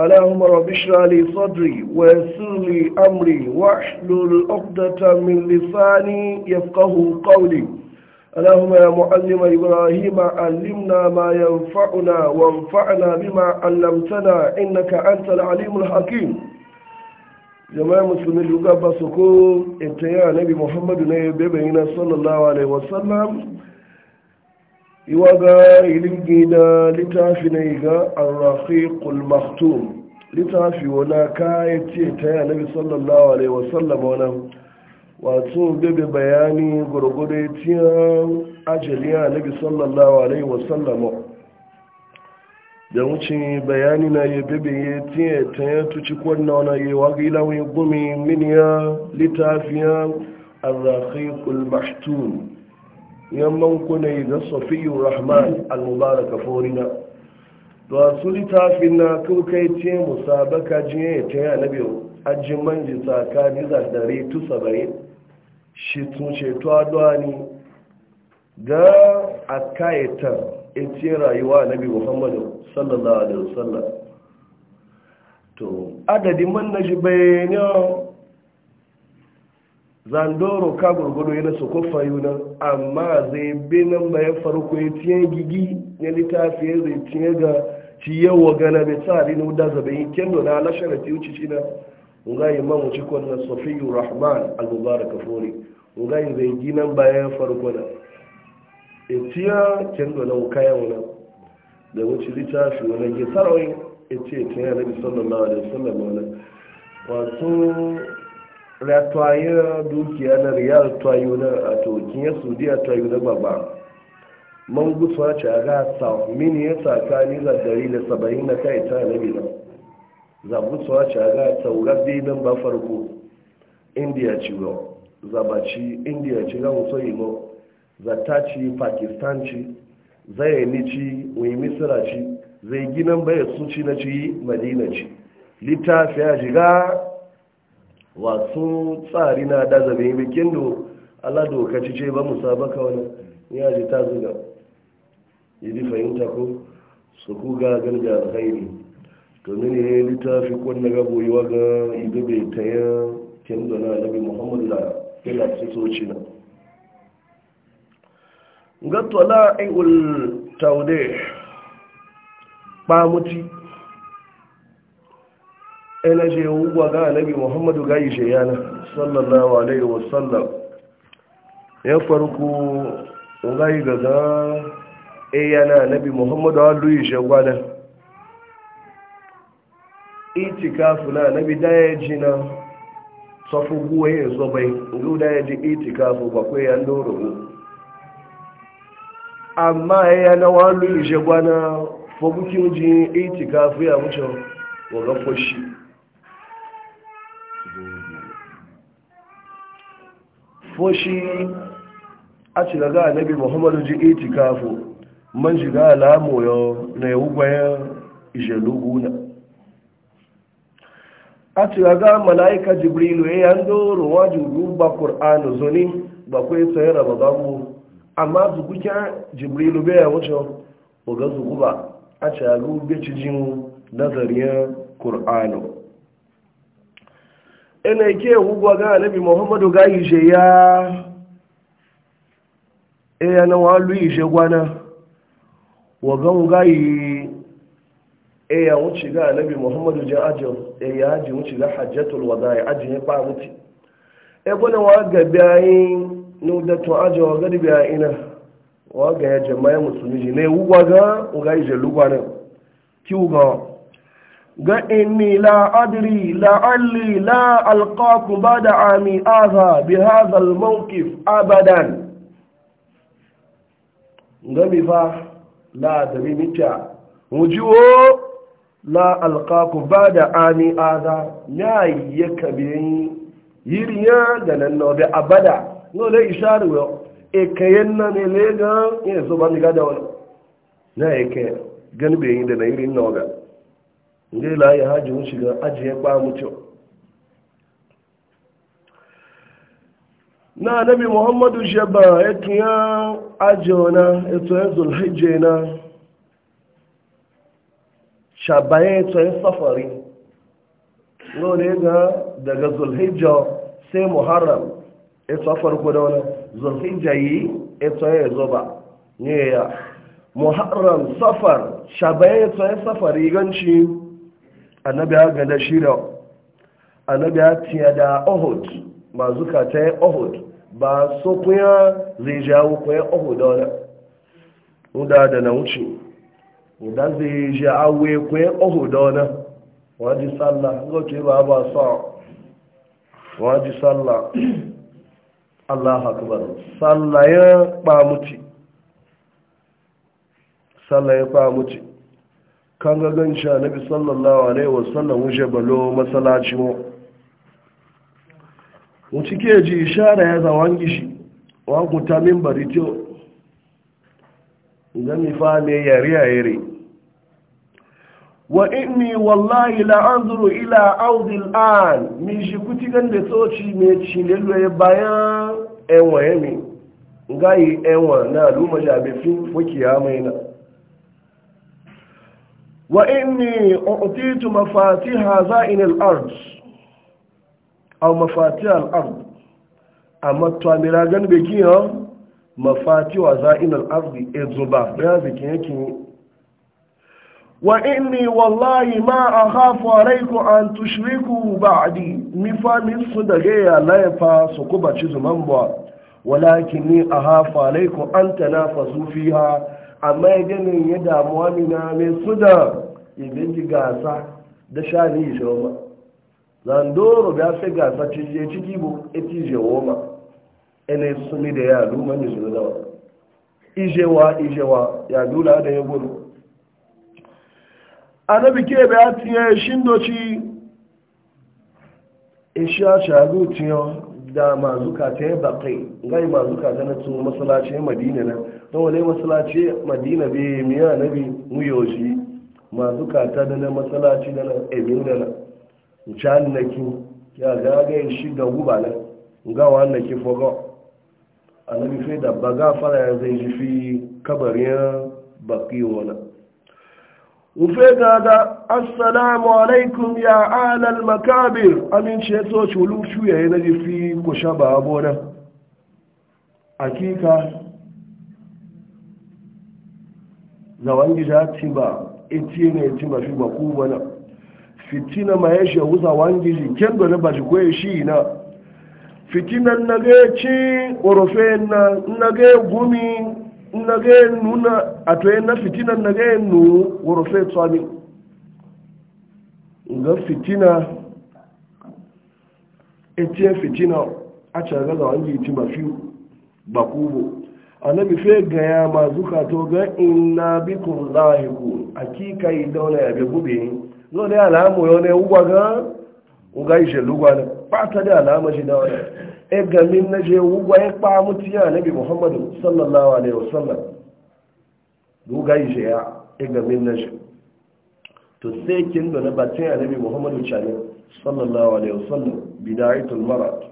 اللهم رب اشرح لي صدري ويسر لي امري واحلل عقدة من لساني يفقه قولي اللهم يا معلم ابراهيم علمنا ما ينفعنا وانفعنا بما علمتنا انك انت العليم الحكيم جماعة مسلمين لغا بسكو اتيا نبي محمد نبي بينا صلى الله عليه وسلم iwaga ilingi na littafi na iga arrafi kulmaktum littafi wana kaya ce ta yi annabi sallallahu alaihi wasallam wana wato bebe bayani gurgudu tiyan ajali annabi sallallahu alaihi wasallam da wuce bayani na ya bebe ya tiye ta yi tuci kwanna wana ya waga ilawun gumi miniya littafiyan arrafi kulmaktum yamman kunai da safiyu rahman al-mubaraka forina da su littafin na kukai ce musabaka jiye ta yana biyu ajin manji tsakani zardare tu sabari shi tun ceto adwani ga a kayatar etiyin rayuwa nabi muhammadu sallallahu alaihi wasallam to adadin man na shi bayanin zandoro ka gurgudu yana su kofa yuna amma zai bi nan bayan farko ya ciye gigi ya littafi ya zai ciye ga ci wa gana mai tsari na wuda zabe yi kendo na alashara ti wuce shi na ngayi man wuce cikon na sofiyu rahman al-mubarak fori yi zai gi nan bayan farko na e ya? ciye kendo na wukaya wuna da wuce littafi wani ge ya e tiye tiye na bi sallallahu alaihi wasallam wani wato ratwaye dukiya na riyal twayo na a tokin ya saudiya twayo na baba man gusa ce a ga sa mini ya tsakani za dari da saba'in na kai ta na gida za gutsuwa ce a ga taurar dinan ba farko indiya ci go za ba ci indiya ci ga so yi za ta ci pakistan ci zai ni ci wani misira ci zai ginan bai su ci na ci madina ci littafi ya shiga wasu tsari na da zabe mai kendo ala dokaci ce ba musabaka wani ya ji ta zuga yi fahimta ko su ku ga da alkhairi to ne ne littafi ko na gabo yi wa ga ido bai ta yi kendo na nabi muhammadu da kila su soci na ga ingul taude ba muti ina je wuwa ga annabi muhammadu ga ishe yana sallallahu alaihi wasallam ya farko ga yi gaga e eh, yana annabi muhammadu a luyi shagwada itikafu na annabi daya ji na safu guwa yin sobai guda ya ji itikafu bakwai yan doro amma yana wa luyi shagwana fagukin ji itikafu ya wuce wa gafoshi foshi a ci daga annabi muhammadu ji itikafu man shiga alamu yau na yau gwayan ijeluguna a ci mala'ika jibrilu ya yan doro wajin ba ƙur'anu zuni ba kwai tsaye raba zamu amma zugukin jibrilu bai wuce ga zukwuba a ci daga ubecin nazarin ƙur'anu ina ke hugwa ga anabi muhammadu ga ije ya eya na walu ije gwana wagan gayi eya wuce ga anabi e, muhammadu jin ajin eya ajin wuce ga hajjatul wadai ajin ya fa wuce e gwana wa ga bayin nudatun ajin wa gadi bayina wa ga ya jama'a musulmi musuliji na ga ga ije lugwa ne ga inni la adri la'alli la alqaku bada ami aza bi hadha almawqif abadan ngami fa la adri mita wujuo la alqaku bada ami aza yayi yakabi yiriya da nan no bi abada no le isharu yo e kayen na ne le ga e so ba ni ga da wala na e ke gani yin da na yirin no ga ngai layi hajji mun shiga ajiye ba mutu na nabi muhammadu sheba ya tuya ajiyona ya tuya zulhijje na shaba ya tuya safari lone ga daga zulhijja sai muharram ya tuya farko da wani zulhijja yi ya tuya ya zoba ya muharram safar shaba ya tuya safari ganci annabi ya gada shida annabi ya tiya da ohud ma zuka ta yi ohud ba so kuya zai jawo kuya ohud wani uda da na wuce uda zai jawo kuya ohud wani waji sallah gote ba ba sa wadda sallah Allah akbar sallah ya ba sallah ya ba kan ga na bi sallallahu alaihi wasallam wuce balo masalaci mu wuce ke ji ishara ya wangi gishi wa ku kuta min barito mi fa ne yare yare wa inni wallahi la anzuru ila audi al'an mi shi kuti da soci mai cinelwe bayan enwa yami ngayi enwa na luma fu fokiya mai na وإني أعطيت مفاتيح زائن الأرض أو مفاتيح الأرض أما تعمل أجن بكي مفاتيح زائن الأرض إذبا بيازكي يكي وإني والله ما أخاف عليكم أن تشركوا بعدي مفامي صدقية لا يفا سكوبة شزمان ولكني أخاف عليكم أن تنافسوا فيها amma ya ganin ya damuwa mina mai su da ibinci gasa da sha ni ishe woma zandoro ya fi gasa cije ciki bu eti je woma ene suni da ya luma ni su da ijewa ijewa ya dula da ya gudu anabi ke bai tiye shindoci isha e shagu tiyo da mazuka ta yi bakai gai mazuka ta na tun masalacin madina na na wale masalaci madina be miya na bi muyoshi masu kata da na masalaci da na emir eh, da na can na ki ya gagaye shi ga guba na gawa na ki fogo annabi fai da baga fara ya zai ji fi kabarin baki wani ufe ga da assalamu alaikum ya alal makabir amince ya so culu shuyaye na ji fi kusa ba abona akika zawangi ja timba etiene timba shi ba na fitina ma ya uza zawangi kendo na ba shi na fitina nnage chi ci orofe na gumi nnage nuna atoye na fitina nnage nu orofe tsani nga fitina eti fitina acha gaza wangi timba shi ba annabi fe gaya ma zuka to ga inna bikum lahiku akika idona ya begube no ne alamu yo ne uwa ga uga ise lugwa ne pata da alama shi da e ga min na je uwa ya pa mutiya muhammadu sallallahu alaihi wasallam uga ise ya e ga min na shi to sai kin da na batin annabi muhammadu chane sallallahu alaihi wasallam bidaitul marad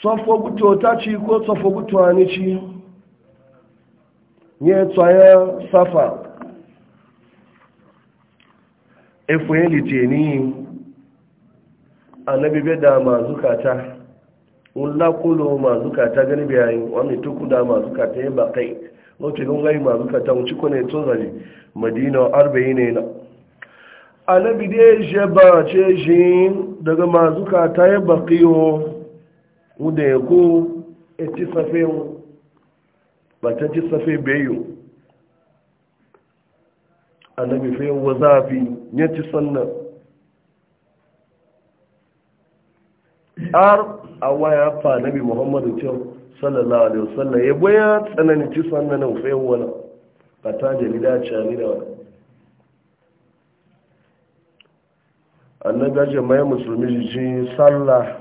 tsofo gutuwa ta ci ko tsofo gutuwa ni ci nye tsaye safa efuyen litini annabi bai da ma zukata ulakulo ma zukata gani biyayin wani tuku da ma zukata yin bakai lauce gungayi ma zukata wuci kone tsozaji madina arba'in ne na annabi dai je ba ce shi daga ma zukata yin bakiyo wanda ya ko ya ci safe ba ta ci safe bayo annabi fe wa zafi ya ci sannan har a waya fa nabi muhammadu cewa sallallahu alaihi wasallam ya baya tsanani ci sannan fe wala ka ta jalida cani da wani annabi ya jama'a musulmi ji sallah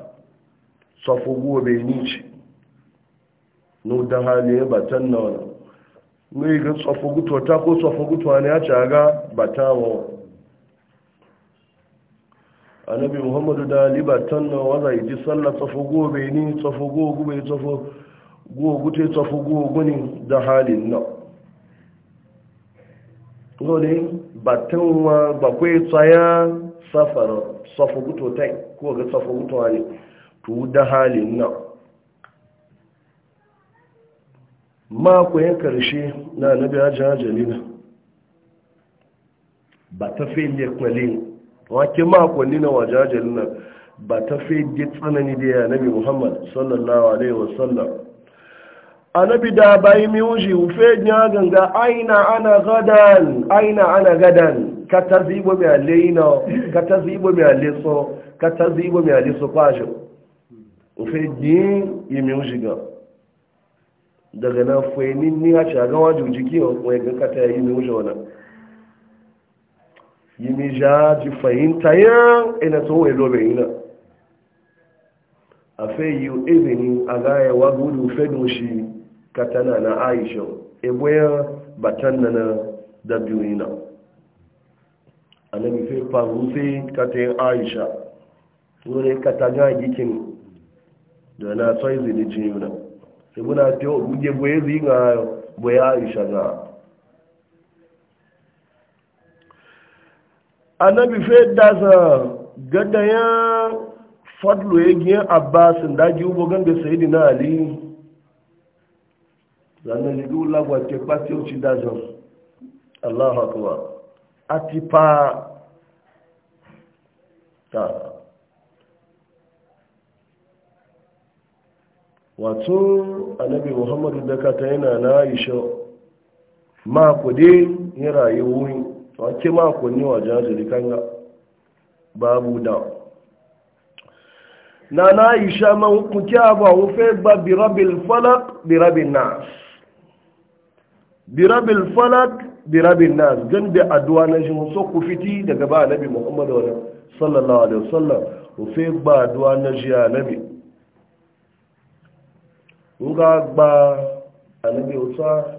tafi gobe ni ce no da hali ya batan na wani ne ga tsofa gutuwa ta ko tsofa gutuwa ne ya caga aga bata wa annabi muhammadu da batan na wanda yi ji sallah tsofa gobe ni tsofa gobe tsofa gobe ta, safo gogu ne da halin na lori batan wa bakwai tsaya safar tsofa gutuwa ta ko ga tsofa gutuwa ne tu da halin nan ya karshe na nabi ajiyar jalina ba ta fi lekwalin wake makonni na wajen jalina ba ta fi ji tsanani da ya nabi muhammad sallallahu alaihi wasallam annabi da bayi miwuji ufe ya ganga aina ana gadan aina ana gadan ka ta zibo mai alai na ka ta zibo mai alai so ka ta zibo mai alai so kwashin ofe giyin imin shiga daga na fweni ni ni a shagan wajen jiki wani ga kata ya yi mai wuce wani yi mi ja ji fahimta ya ina tun wani lobe ina a fe yi izini a gaya wa gudu fedun shi kata na aisha eboyan batan na na dabiyu ina a na mife faru sai katayin aisha wani katana gikin da na tsoyi zai lijin yuna ibuna fiye ogunje boye zai ga boye aisha ga annabi fe gada ya fadlo ya giyan abbasin daji ubo ganda sayidi na ali zanen ligi lagwa ke pati oci dazan allahu a atipa ta wato annabi muhammadu daga ta yana na aisha mako dai ya rayu wuri wake mako ne wa jajiri kanga babu da na na aisha ma kuke ba wufe ba birabil falak birabin nas birabil falak birabin nas gan da aduwa na shi so ku fiti daga ba annabi muhammadu sallallahu alaihi wasallam wufe ba aduwa na shi annabi nga gba anabi usa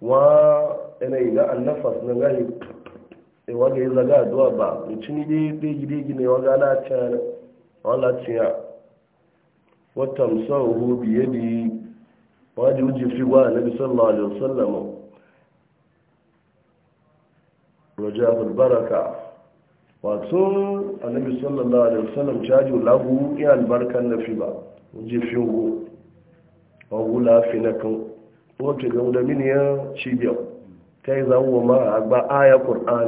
wa ina ga annafas na gani e waga yi zaga ba mutum e ne dai dai ne waga na ta wala tiya wata musawu biye bi waje uji fi gwa anabi sallallahu alaihi wasallam rajabul baraka wato annabi sallallahu alaihi wasallam caji lagu ya albarkan na fi ba je fingo wagu lafi na kan wato ga da mini ya cibiyar ta yi zawo ma a ba aya a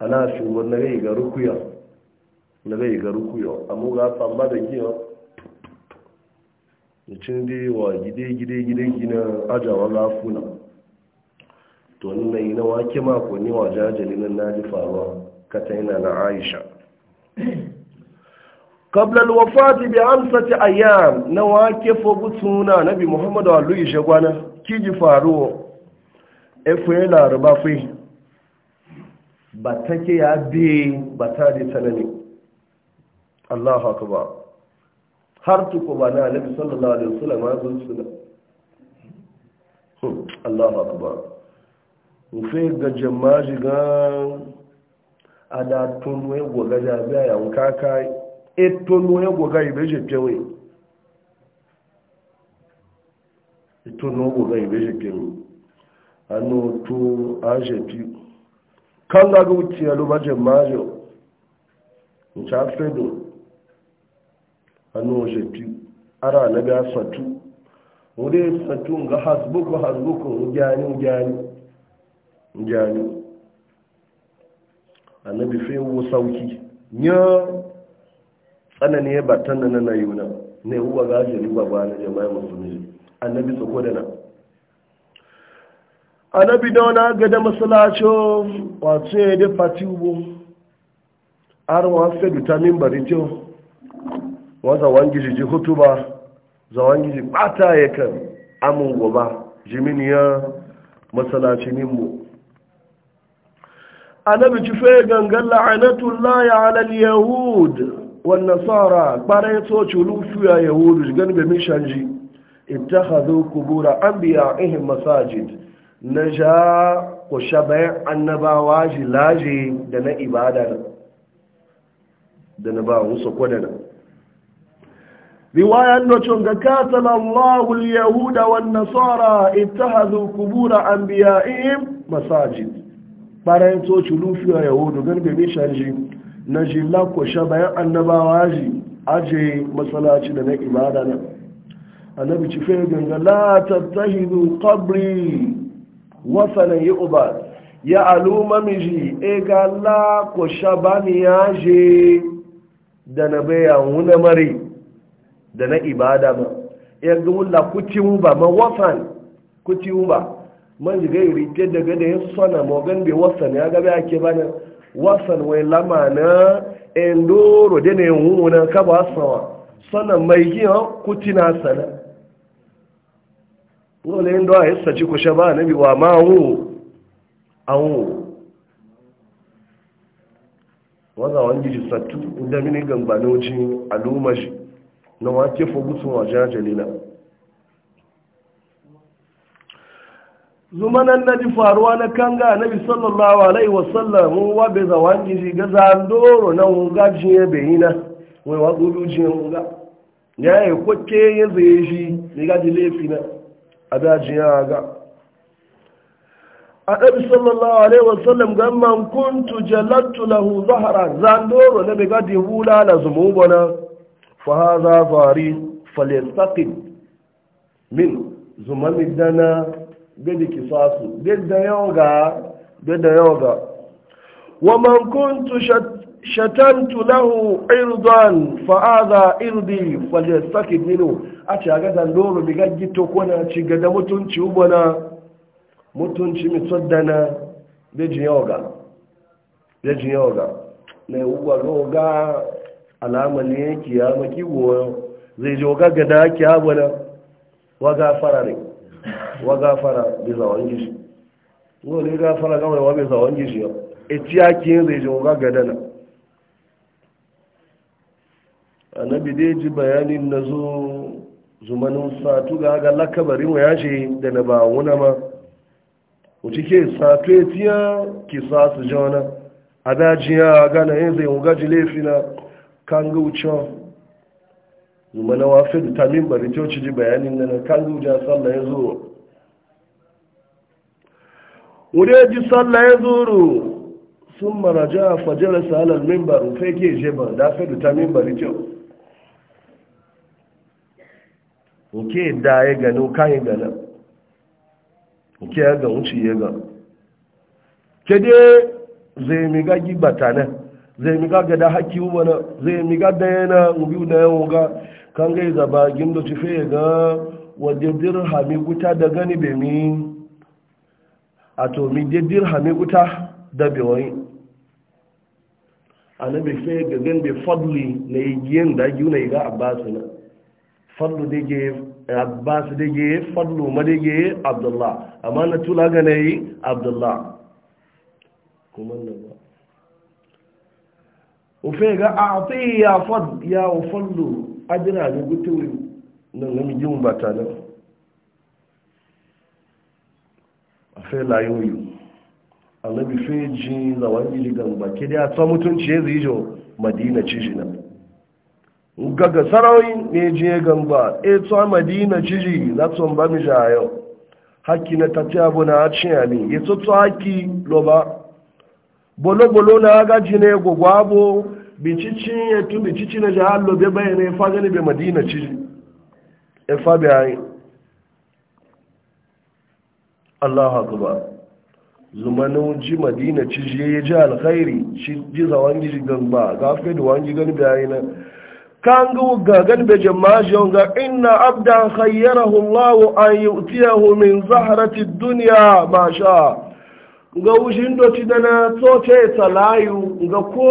ana fi wani rai ga rukuya na rai ga rukuya amma ga famba da giya cin dai wa gide gide gide gina ajawa lafuna to nan yi na wake mako ne wa jajali nan na ji faruwa kataina na aisha قبل الوفاة بألفة أيام نواكف بطونا نبي محمد عليه شغوانا كيجي فارو إفويلا ربافي batake ya bi bata da tsanani Allahu akbar har tuko ba na Annabi sallallahu alaihi wasallam ya zo suna Allahu akbar mu fe ga jama'a ada tonu egwo gaja bia ya nka aka etonu egwo ga ibe je pyewe etonu egwo ga ibe je pyewe anu tu aje pi kanga go ti alo baje majo ncha fedo anu je pi ara na ga satu ore satu nga hasbuku hasbuku ngani ngani ngani annabi fi wu sauki ya tsanani ya tan da na yuna ne uwa ga jari ba na jama'a musulmi annabi tsoko da na annabi da wani da masalacin wato ya da fati ugbo arwa fe dutamin wa za wangi ji hutuba ba za wangi ji bata ya kan amin goba jiminiya masalacin mu annabi ci fe gangan la'anatullahi ala al-yahud wan nasara bare to chulu fiya yahudu gan be min shanji ittakhadhu qubura anbiya'ihim masajid naja ko shabai annabawa ji laje da na ibada da na ba musu kwadana riwaya nocin ga katala Allahu al-yahuda wan nasara ittakhadhu qubura anbiya'ihim masajid ɓarayin tsoci yahudu gan bebe shanji na ji lakwashe bayan annabawa ji aje matsalaci da na ibada na annabi ci fiye ganga la tattahidu qabri yi uba ya aluma miji e ga lakwashe ba ni ya je da na bayan wuna mare da na ibada ba ya ga wula ba ma wasan kuci ba man ji gairi ke daga da yin sana mogan bai wasan ya gaba ake bana wasan wai lama na endoro da ne wuna ka ba sawa sana mai giya kutina sana dole yin dawa yasa ci kushe ba na biwa ma wu an wu wanda wani gidi sattu inda mini gamba na na wake fogusun wajen jalila nan na ji faruwa na kanga bi sallallahu alaihi wa sallam wa be zawan gizi ga zandoro na wunga jiye behina wai wa gudu jiye wunga ya yi kwakke ya zai shi ni ga ji laifi na a dajin ga a sallallahu alaihi sallam ga man kuntu jalattu lahu zahara zandoro na be ga di hula na bona fa hadha zari falyantaqim min zumami dana bedi kisasu bedi yoga bedi yoga wa man kuntu shatantu lahu irdan fa hadha irdi falyastakid minhu ace aga dan doro mi gaggi to kona ci gada mutunci ubona mutunci mi tsaddana bedi yoga bedi yoga ne uwa roga alama ne kiyama kiwo zai joga gada kiyama na wa gafara ne wa gafara bi zawon gishi ngole gafara kawai wa bi zawon gishi eti ake zai ji wa gadana annabi dai ji bayanin nazo zo zumanin satu ga ga lakabari wa ya shi da na ba wuna ma wuce ke satu ya tiya ki sa su ji wani adajiya gana yin zai wuga ji laifi na kan ga wucewa zumana wafe da tamin bari ta wuce ji bayanin na kan ga wuce sallah ya wureji sallah ya zuru sun maraja fajar salar mimbar fai ke jeba da fai da ta mimbar kyau nke da ya gani yi gana nke ya ga wuce ya ga kede zai miga gibata na zai miga gada haki wani zai miga daya na biyu na yawon ga kan gai zaba gindo ci fai ga wadda dirhami guta da gani bai mi a to mi de dirhami uta da ana bi fe ga bi fadli na yiyen da yi na ga abbas na fadlu de ge abbas de ge fadlu ma de ge abdullah amma na tula ga ne abdullah kuma na ba fe ga a'ti ya fad ya fadlu ajra ne gutu nan nan jin batana fe layoyu annabi fe ji zawon gidi gamba ke da ta mutunci ya zijo madina ciji na gaga sarauyi ne ji gamba e ta madina ciji za ta ba mi jayo haki na tafi abu na ciya ne ya tutu haki loba bolo-bolo na agaji ne gwagwabo bicici ya tu bicici na jihar lobe bayanai fagani bai madina ciji efa bayanai Allah akuba zumanin ji madina ci je ya ji alkhairi ci ji zawon gishi gamba ga fi da wani gani bayi na kan ga gagan bai jama'a ga inna abdan khayyarahu Allah an yu'tiyahu min zahrati duniya ma sha ga wujin do da na to ce talayu ga ko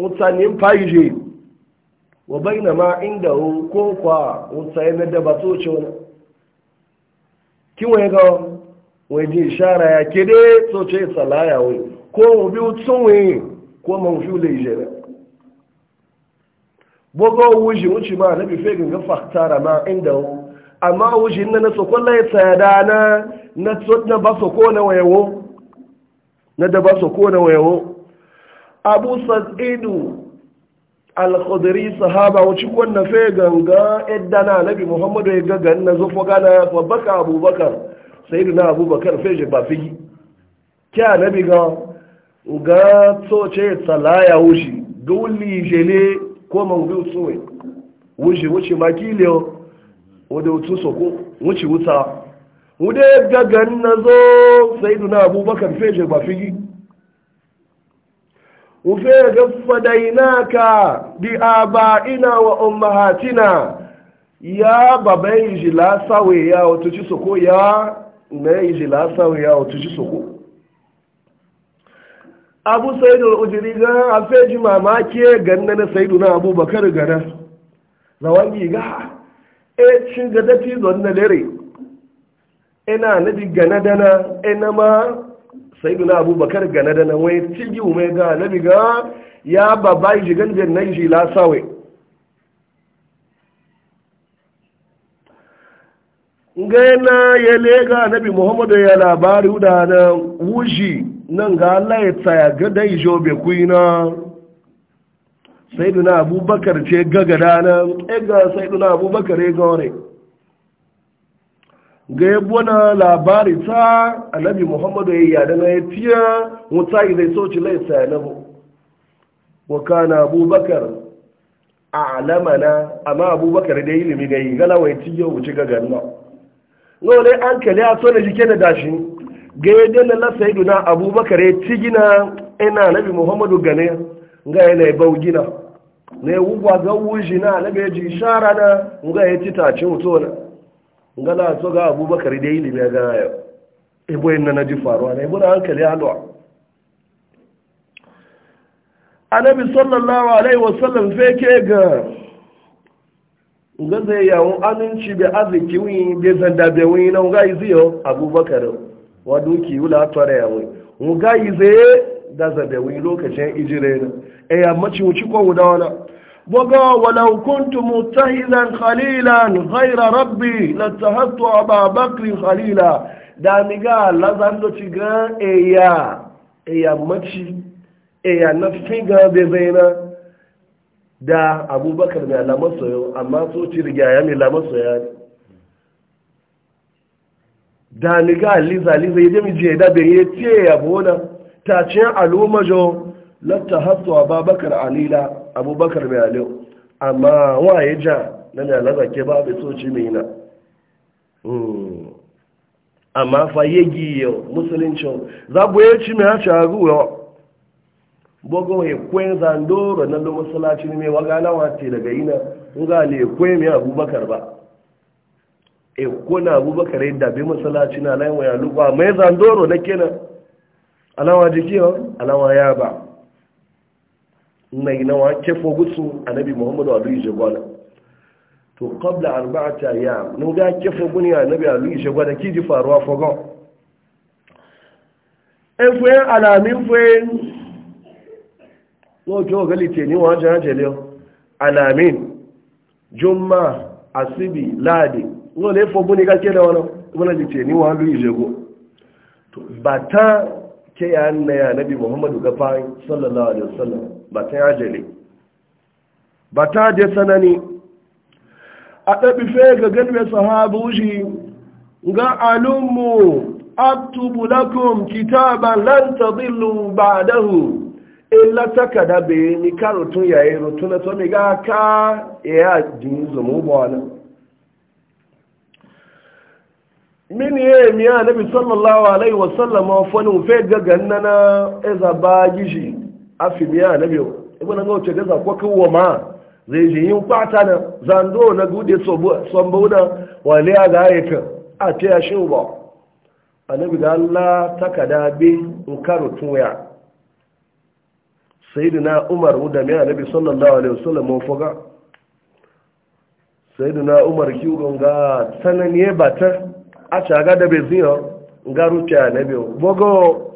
mutanin faije wa bainama indahu ko kwa mutayin da ba to ce Kin waye ga ji ishara ya kide so ce salaya wai ko obi wai ko fi le jere bogo wuji wuci ma na bife ganga fahtara ma inda wu amma wuji na na sokolla ya tsada na na tsotna ba ko na wayo na da ba ko na wayo abu sa'idu al-khudri sahaba wuci kwanna fe ganga idda na nabi muhammadu ya ga ganna zo fo gana fa baka abubakar Sayidu na abubakar feji ba fi kya nabi ga ga tsoce tsalaya wushi guli jele ko mangu tsuwe wushi wuce makiliyo wadda wutu soko wuce wuta wude gagan na zo sai na abubakar feji ba fi wufe ga fadainaka bi aba'ina wa ummahatina ya baban jila sawe ya wato ci soko ya na yi ji lasawa ya wata su soko abu sai da ujiri ga a feji mamaki ganna na saidu na abubakar gana zawangi ga e cin gada fi na dare ina na ji gana dana ina ma saidu na abubakar gana dana wai cigi ume ga na biga ya babba yi jigan jan na yi ji lasawa na ya lega nabi muhammadu ya labari da na wuji nan ga Allah ya tsaya ga dai jobe kuina na abubakar ce gagada na e ga na abubakar ya gore ga yabona labari ta nabi muhammadu ya yada na ya tiya wuta zai soci lai tsaya na bu wa na abubakar a alamana amma abubakar da ilimi ga yi galawai tiyo wuce gaganuwa. lole an kale a so da jike da dashi ga yadda na lasa yi na abubakar ya ci gina ina nabi muhammadu gane ga yana yi bau gina na ya wugwa ga wuji na nabi ya ji shara na ga ya ci tace mutu na ga na so ga abubakar da yi ya gana yau ibo yin na na ji faruwa na ibo na an kale halwa annabi sallallahu alaihi wasallam fake ga ga zai yawon aminci bi arziki wi bi zanda bai wi na nga yi ziyo abubakar wa duki wula tare ya wi nga yi zai da zabe wi lokacin ijire na e ya mace wuci ko wuda wala boga wala kuntu mutahilan khalilan ghaira rabbi latahattu ababakri khalila da mi ga lazando ci ga e ya e ya maci e ya nafi ga be zaina da abubakar mai alamar soyo amma so ci rigaya mai alamar soya ne da ni ga liza liza yi jami jiya da bai yi tiye ya bona ta ce al'umma jo latta hasu Babakar, alila abubakar mai alil amma waye ja na mai alaza ke ba bai so ci mai na hmm. amma fa yegi yau musulunci za bu yi ci mai haci a ruwa bogo ya kwen zandoro na lo masallaci ne mai wagana wace daga ina in ga le mai abubakar ba e kona abubakar ya dabe masallaci na layin waya lukwa mai zandoro na kenan alawa jiki ba alawa ya ba na yi nawa kefo gutsu annabi muhammadu alu ije gwada to qabla arba'ata ya nun ga kefo guni anabi alu ije gwada ki ji faruwa fogon e alamin fuen lóòjọ́ ọ̀gẹ́lìtì ní wọ́n jẹ́ jẹ́lẹ́ alamin jọmọ́ asibi láàdì wọ́n lè fọ́ bóní kákẹ́lẹ́ wọn wọ́nàlìtì ní wọ́n lú ìṣẹ́gbó bàtà kí a nà ya nabi muhammadu gafa sallallahu alaihi wasallam bàtà ya sanani a ga ganwe sahabu shi ga alummu aktubu lakum kitaban Ila takada be ni karotun yayi rotuna to mi ga ka e ya jin zumu bona min ye mi e annabi sallallahu alaihi wasallam fa nu fe ga gannana eza ba gishi afi mi annabi ibn e ngo ce gaza ko kawo ma zai ji yin kwata na zando na gude sombo na wale a ga yaka a ce ya shi ba annabi ga Allah takada be in karotun ya sayyidina umar da mai annabi sallallahu alaihi wasallam foga sayyidina umar ki sanan ye bata a shaga da beziyo ga ta annabi bogo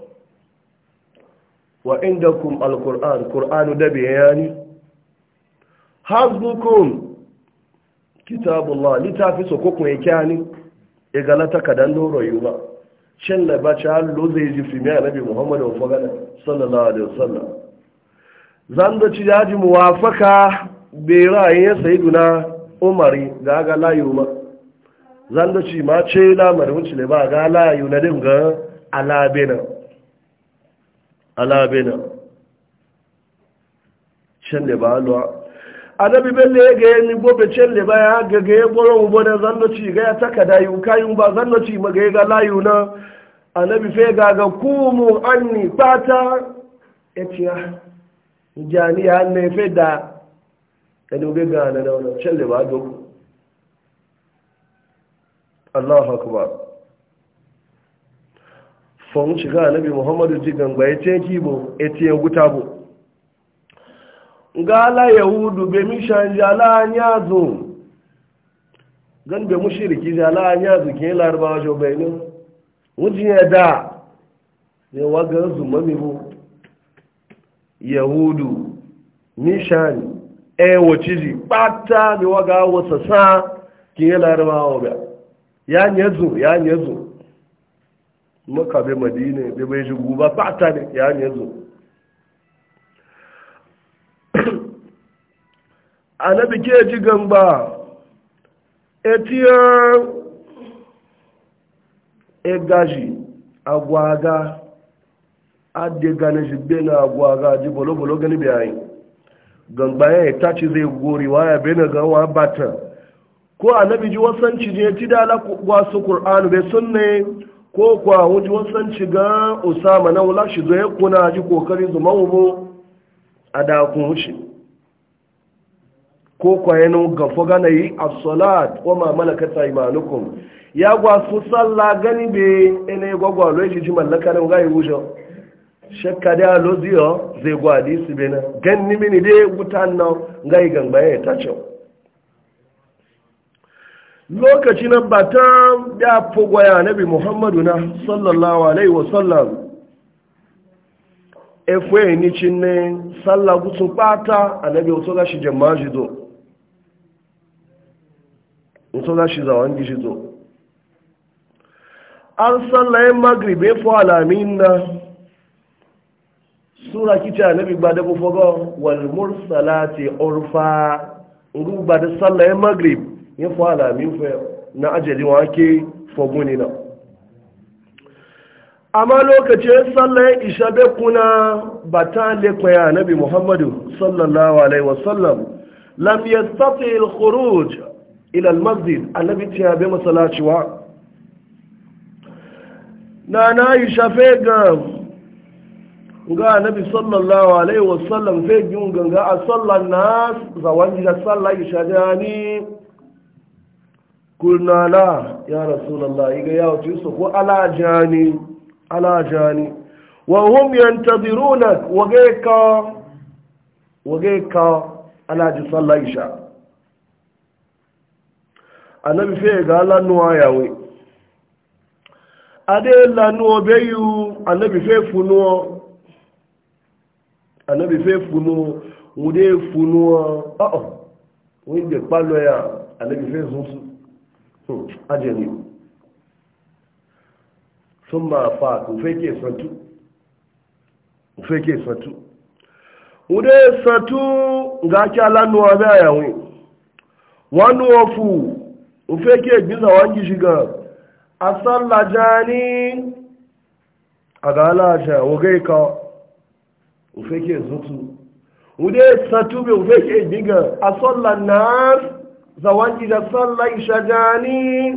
wa indakum alquran qur'anu da bayani hazbukum kitabullah litafi sokokun yakani e galata kadan doro yuba shin la ba cha lo zai ji fi mai annabi muhammadu sallallahu alaihi wasallam zan da ci daji muwafaka bera ya sayidu duna umari ga ga layu ma zan da ci ma ce da wuce ne ba ga layu na din ga alabena alabena can da ba luwa adabi belle ga yin gobe can da ba ya ga ga ya goron gobe zan da ci ga ya taka dayu kayu ba zan da ci ma ga ga layu na anabi fe ga ga kumu anni fata ya ciya jani ya ne fe da ẹni oge ga na na ọ̀nà ṣẹlẹ̀ wá dókù allahu akbar fọ́n ṣiga anabi muhammadu ji gangba ya ce kibo eti ya wuta bu gala yahudu be mishan jala nya zo gan be mushriki jala azu zo ke larabawa jo bayinu wujin ya da ne wa ga zuma mi bu yahudu nishani ewa ciji ɓata mi waga wasa sa kin yi larabawa ya nyezu ya nyezu maka bai madina bai bai shi guba kpata ne ya nyezu a na bike ji gamba etiyar egaji agwaga adde gane shi bena gwaga ji bolo-bolo gani bayayi gangbaya ya taci zai gori waya bena ga wa bata ko annabi ji wasanci ne ti da ala wasu qur'anu bai sunne ko kwa wuji wasanci ga usama na wula shi zai kuna ji kokari zuma ubo a da kun shi ko kwa yana gafo gana yi as-salat wa ma malakat aymanukum ya gwasu sallah gani be ene gwagwalo shi ji mallaka ne ga yi wujo shakka da loziyo zai gwadi su bena ganni mini dai wutan nan gai gangbaye ta ce lokaci na batan ya fogwaya nabi muhammadu na sallallahu alaihi wasallam efwe ni cinne sallah gutsun pata anabi oto shi jama'a jido oto shi zawon gishi zo an sallaye magribe fo alamin na sura kita kicha bi gbada bu fogo wal mursalati urfa ngu gbada sallah ya maghrib ya ala mi fo na ajali wa ke fogoni na amma lokacin sallah isha be kuna bata le ya nabi muhammadu sallallahu alaihi wasallam lam yastati al khuruj ila al masjid annabi tiya be masallaci wa na na isha fe ga ga nabi sallallahu alaihi wasallam sai yin ganga a sallan nas za wani da sallah isha jani kulna la ya rasulullah iga ya wuce su ko ala jani ala jani wa hum yantadiruna wageka wageka ala ji sallah isha annabi sai ga lanuwa yawe ade lanuwa bayu annabi sai funuwa anabi fẹ́ funu wude dé funu ọ̀ọ̀ wọ́n dé pálọ̀ ya anabi fẹ́ sun sun ajẹ́ni sun fa kò fẹ́ kí sàtú kò fẹ́ kí sàtú wọ́n dé sàtú nga kí alánu abẹ́ àyàwó wọ́n nu ọ̀fù kò fẹ́ kí gbígbà ufeke zutu ude satube ufeke diga a sallan nar zawangi da sallan ishajani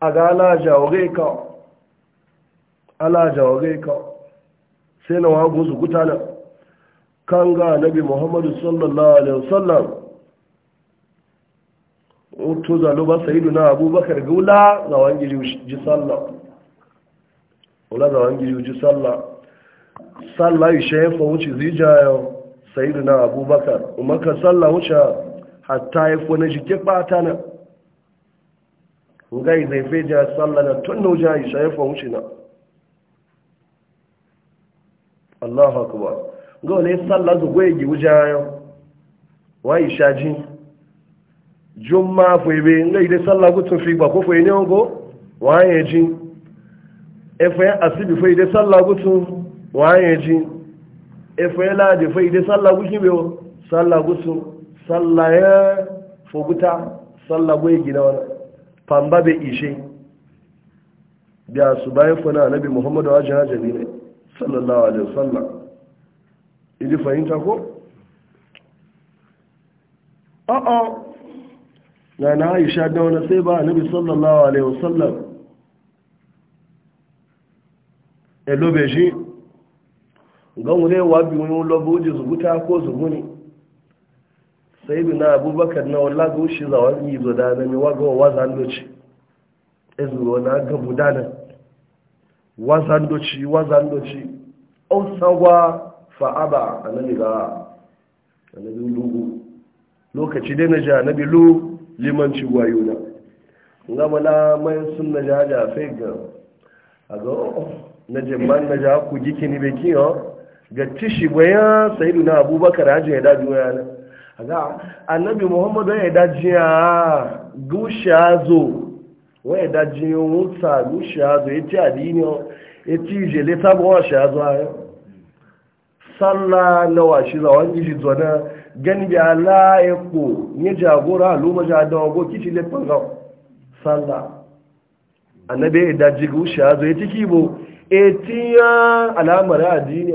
a ga alaja wage ka alaja wage ka sai na wago su kutana kan ga nabi muhammadu sallallahu alaihi wasallam utu zalo ba saidu na abubakar gula zawangi ji sallah ula ji sallah sallah ishe ya wuce zijayo sayidu sayidina abubakar umarka sallah wuce hatta ya fi wani jike bata na ngai zai ya sallah na tun da wuce ishe ya wuce na allahu akubar ga wani sallah su gwaye gi wuce wa isha ji jumma fwebe nga dai sallah gutun fi ba ko fwe ne wa ya ji efe asibi fwe dai sallah gutun waye ji efela da fai da sallah bí bewa sallah gusu sallah ya foguta sallah goyi gina wani famba bai ishe da su bayan fana annabi muhammadu ajé hajji ne sallallahu alaihi fahimta ko a'a na aisha da wani sai ba sallallahu alaihi wasallam elobe shi gan ne wa biyu yin lobo ji zubuta ko ne. sai bi na abubakar na wala ga wuce za wa yi zo dana mi wa gawa waza ndoci ezu wa na ga budana waza ndoci waza ndoci on sawa fa'aba annabi ga annabi lugu lokaci dai na ji annabi lu limanci na. nga na mai sun na jaja jafe ga a ga oh, na jimman na ja kujiki ni bai kiyo oh. ga tishi baya, sayidu na abubakar hajji ya daji wayana a annabi muhammadu ya daji ya gushe zo waya daji wuta gushe zo ya ci adini ya ci jele ta shi washe zo a yau salla na washe za wani gishi zuwa gani bi ala ya ko ya jagora loma da ko kici le pango salla annabi ya daji gushe zo ya ci kibo etiyan alamar adini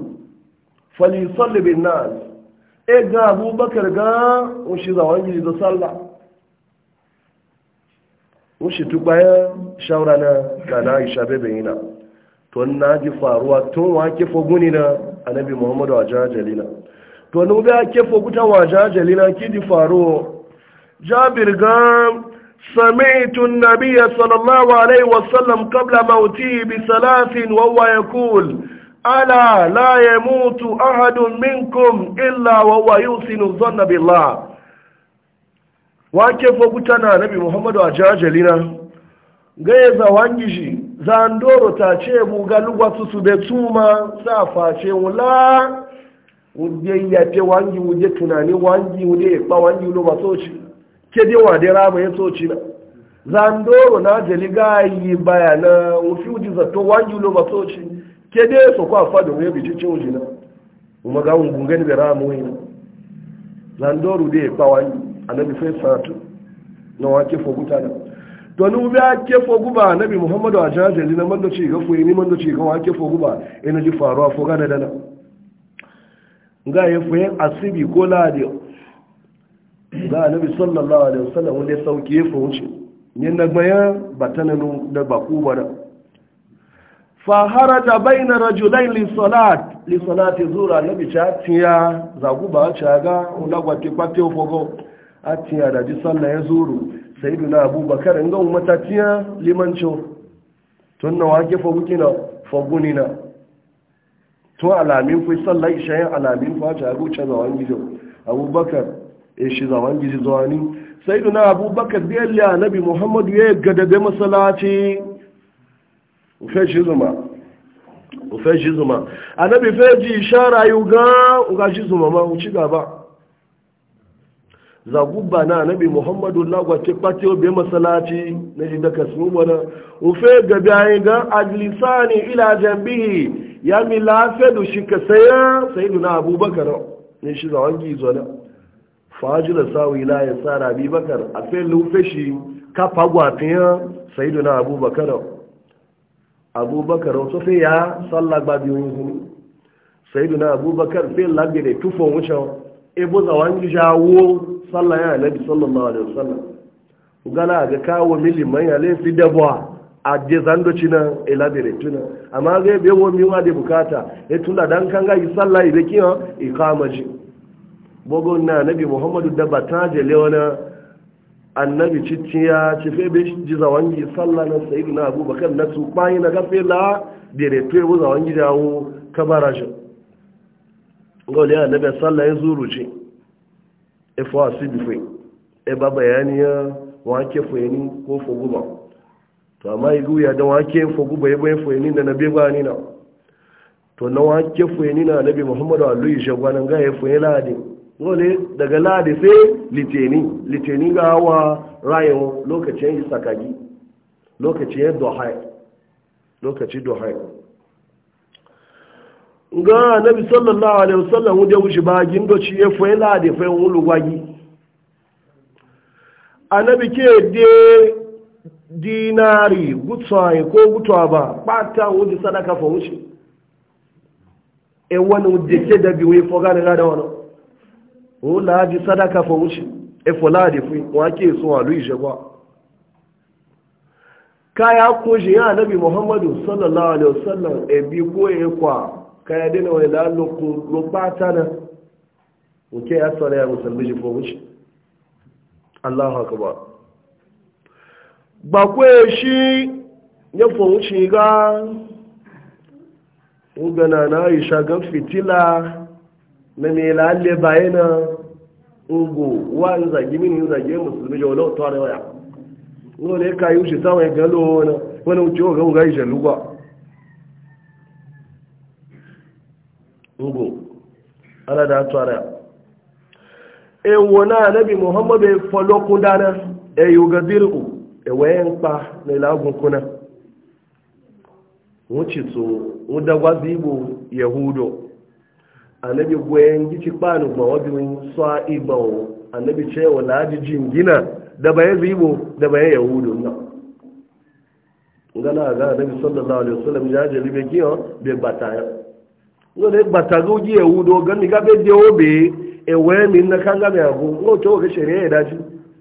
فليصلي بالناس ايه ابو بكر جاء وشي ذا وانجي ذا صلى وشي تبايا شاورانا كان عايشة بينا تونا جفا روا تون واكي فوقونينا النبي محمد وجاجة لنا تونا بيا كي فوقوتا وجاجة لنا كي دفا روا جابر جاء سمعت النبي صلى الله عليه وسلم قبل موته بثلاث وهو يقول ala la yamutu ahadun minkum illa wa huwa yusinu dhanna billah wake fogutana nabi muhammadu ajajalina Za wangishi ta ce mu ga lugwa su be tuma sa face wula wuje yace wangi wuje tunani wangi wuje ba wangi lo ba soci ke dai wa dai rama ya soci na Za ndoro na jali gayi bayana wufi wuje zato wangi lo ba soci ke dai so kwa fa domin ya bici cin na? kuma ga mun gungani da ramu yin zandoru dai fa wani annabi sai satu na wake foguta da to ni ubiya ke foguba annabi muhammadu a jajali na manda ci ga fuyi ni manda ci ga wake ba? ina ji faruwa foga da dana ga ya fuyin asibi ko ladi ga annabi sallallahu alaihi wasallam wanda sauki ya fuce ni na batana batananu da bakuba da fahara ta bayyana rajulai salat li salati zura bi cha tiya zaguba cha ga ulagwa tipate ofogo tiya da ji sallah ya zuru duna abubakar nga umata tiya tun na wake fogukina fogunina to alamin fi sallah ishayin alamin fa cha go cha zawan gizo abubakar ya shi zawan gizo sai duna abubakar bi Allah nabi muhammadu ya gadade masallaci ufeshi zuma ufeshi zuma annabi feji ishara yuga ugashi zuma ma uci gaba zagubba na Anabi muhammadu lagwa ce pati obi masalaci na ji daga sun wani ufe gabi ayin ga aglisani ila jambihi ya mi lafedu shi ka saya sayidu na abubakar ne shi zawon gizo na fajira sawi la ya tsara Bakar. a fe lufe shi kafa gwafiyan sayidu na abubakar abubakar wasu fi ya sallah ba biyu yanzu sai duna abubakar fi labi da tufon wucin ibu zawon jawo sallah ya nabi sallallahu alaihi wasallam gana ga kawo miliman ya laifi dabuwa a jezandoci zandoci nan tuna amma zai biyo wa miwa da bukata ya tunda dan kan ga sallah ibe kiyo ikamaji bogon na nabi muhammadu da bataje annabi cicciya ci fe be ji zawangi sallah na na abubakar na su bayi na gafe la bere fe bu zawangi dawo kabara shi gole ya nabi sallah ya zuru ce e fo asibi fe e ba bayani ya wake fo yani ko fo guba to amma igu ya da wake fo guba ya bayan fo yani da nabi ba ni na to na wake fo yani na nabi muhammadu alaihi shagwanan ga ya fo yani ladin wale daga laadi sai litini litini ga wa rayu lokacin isa kagi lokacin dohai lokaci dohai ga nabi sallallahu alaihi wasallam wuje wuce ba gindo ci ya fai ladi fai wulu anabi ke de dinari gutsaye ko gutwa ba pata wuje sadaka fa wuce e wani wuje ke da biwe fo ga da wani o laaji sadaka fo wuce e fo di fi wa ke so wa lu ije ka ya ko je ya nabi muhammadu sallallahu alaihi wasallam e bi ko e kwa ya de na wala lo ko lo pata na o ke ya sala ya musulmi je fo wuce allahu akbar ba ko shi ya fo wuce ga ugana na aisha ga fitila na me lalle na ugu wa in zagi mini in zagi musulmi jo lo to ya no ne ka yushi sawa galo na wani uci ga ga yi jaluwa ugu ala da to ya e wona nabi muhammad folo kundana e yugadiru e wayan pa ne lagun kuna wuce so wudagwazi ibo yahudo annabi goyen gici bani ma wabin sa anabi annabi cewa laji jingina da bayan zibo da bayan yahudun nan ngana ga annabi sallallahu alaihi wasallam ya je libe kiyo be bataya ngone batago gi yahudo ganni ga be de obe e weni na kanga me abu ngo to ga shari'a da ji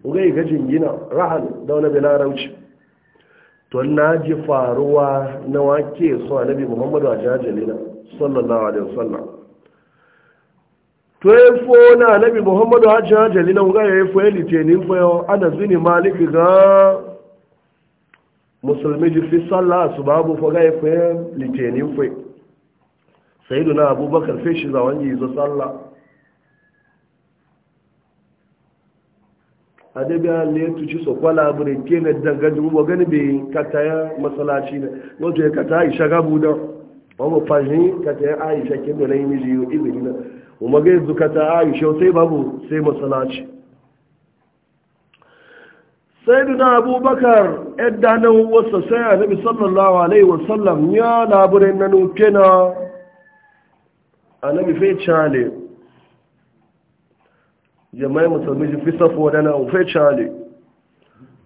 ngai ga jingina rahal da wani bela rauci to na ji faruwa na wake so annabi muhammadu a jajalina sallallahu alaihi wasallam to oh na nabi muhammadu hajji hajjali na wuga ya fo ya litinin fo yau ana zini maliki ga musulmi ji fi sallah su babu fo ga ya fo ya litinin sai na abubakar fi shi zawon yi zo sallah a da biya ne tu ci so kwala abu da na dangajin ba gani bai kata ya masalaci ne wato ya kata aisha gabu da wani fashin kata aisha kin da na yi miji izini na kuma ta zukata aisha sai babu sai masalaci sai duna abubakar yadda nan wasa sai a nabi sallallahu alaihi wasallam ya labarai na nuke na a nabi fai jama'i musulmi ji fi safo da nan fai cale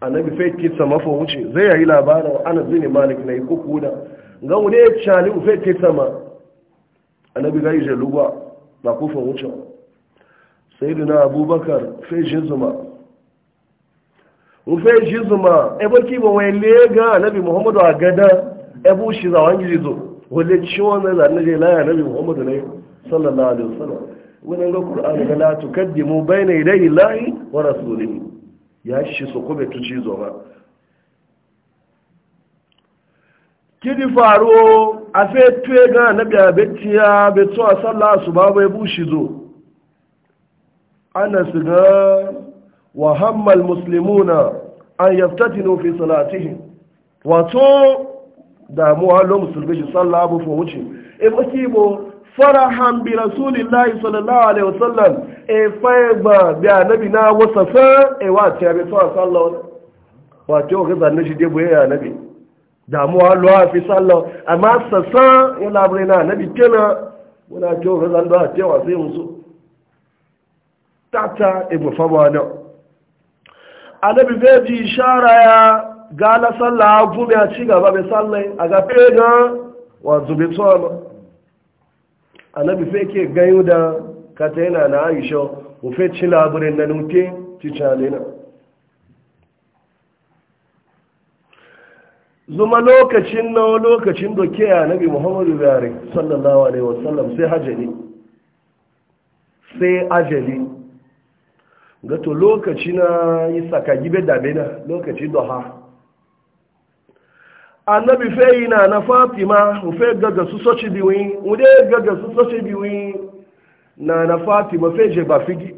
a nabi fai kisa mafa wuce zai yayi labarin ana zini malik na yi kuku da ga wani ya cale fai ma a nabi gai jaluwa ba kufa wuce sai na abubakar fejin zuma fejin zuma ebe kiba wai lega anabi muhammadu a gada ebu shi za wani gizo wale ciwon na zane je laya nabi muhammadu ne sallallahu alaihi wasallam wani ga kur'an ga la tukaddimu bayna yadayi lahi wa rasulihi ya shi su kube tuci zoma kidi faro a fetuwe ga annabi a betiya betu a sallah su babu ya bushi zo ana su ga wahammal muslimuna an yaftatinu fi salatihi wato damuwa lo musulmi shi sallah abu fa wuce e baki bo farahan bi rasulillahi sallallahu alaihi wasallam e faiba bi annabi na wasafa e wa tiya bi to sallah wato ga zanne shi dai boye annabi damuwa luwa fi sallah amma sassa ya labarai na nabi kena muna kyau ga zan da cewa sai musu tata ibn fama na annabi bai ji ishara ya gala sallah gumi a ci gaba bai sallai a ga fega wa zube tsoma annabi fai ke ganyu da kata yana na aisha mu fai ci labarai na nuke ci canina zuma lokacin na lokacin da ke a nabi muhammadu bari sallallahu alaihi wasallam sai hajjali sai ajali gato lokaci na yi sakagibe na lokaci doha annabi feyi na na fatima ufe gaga su soci biwi ude gaga su soci biwi na na fatima je ba figi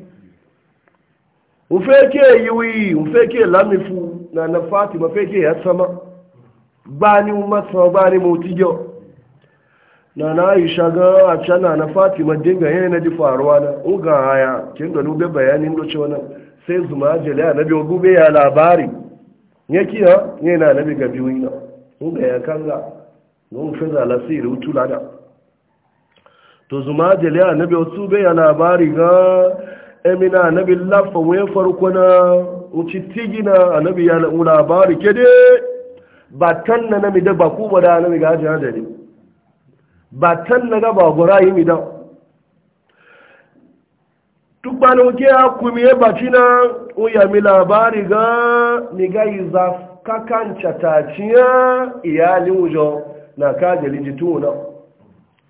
ufe ke yiwi ufe ke lamifu na na fatima ke ya sama bani ni moti motijo na na aisha ga a cana na fatima dinga yana na ji faruwa na oga haya kin da lube bayanin da ce wannan sai zuma jale a nabi gube ya labari yake yanayi na nabi ga biyu ina uga ya kanga don fi zala sai da wutu lada to zuma jale a nabi wasu be ya labari ga emina anabi lafa wani farko na uci tigina anabi ya labari ke dai ba tan na na mi da ba kuma da na mi ga ajiyar da ne ba tan na ga ba gura yi mida duk ba na wuke ya kumi ya baci na uya mi labari ga mi ga yi za kakan cataciya iyalin wujo na kajali jali jitu na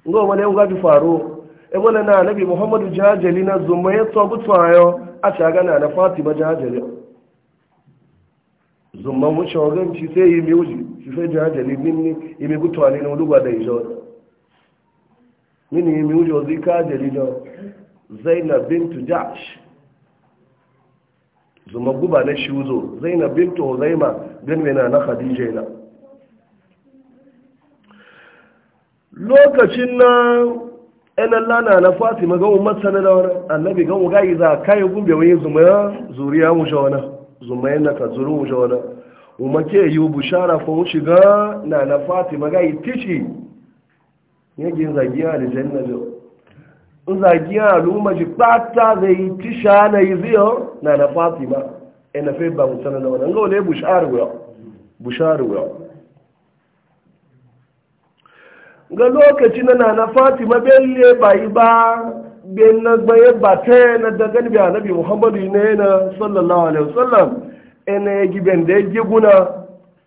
ngo wani yau gaji faro e wani na nabi muhammadu jajali na zuma ya tsobu tsayo a shagana na fatima jajali zumman wuce waganci sai yi miuji shi fai jihar jali minni yi mi gutuwa ne na lugwa da ijo mini yi miuji wa zika jali da zainab bintu jash zumman guba na shi wuzo zainab bintu huzaima ganwe na na khadija na lokacin na ɗanan lana na fatima ga umar sanar da wani annabi ga mu gayi za a kayan gumbe wani zuma zuriya mu shawana zumaina na jona umake yi bushara fo shiga na na fatima ga itici gin zagiya aljanna jo zagiya al'umma ji pata da itisha na yiyo na na fatima ina e fe ba mutan na wannan gole bushara wa bushara wa ga lokaci na na fatima belle bai ba bin na gbaye ba ta yana da galibi annabi muhammadu ne na sallallahu alaihi wasallam ina ya giben da ya giguna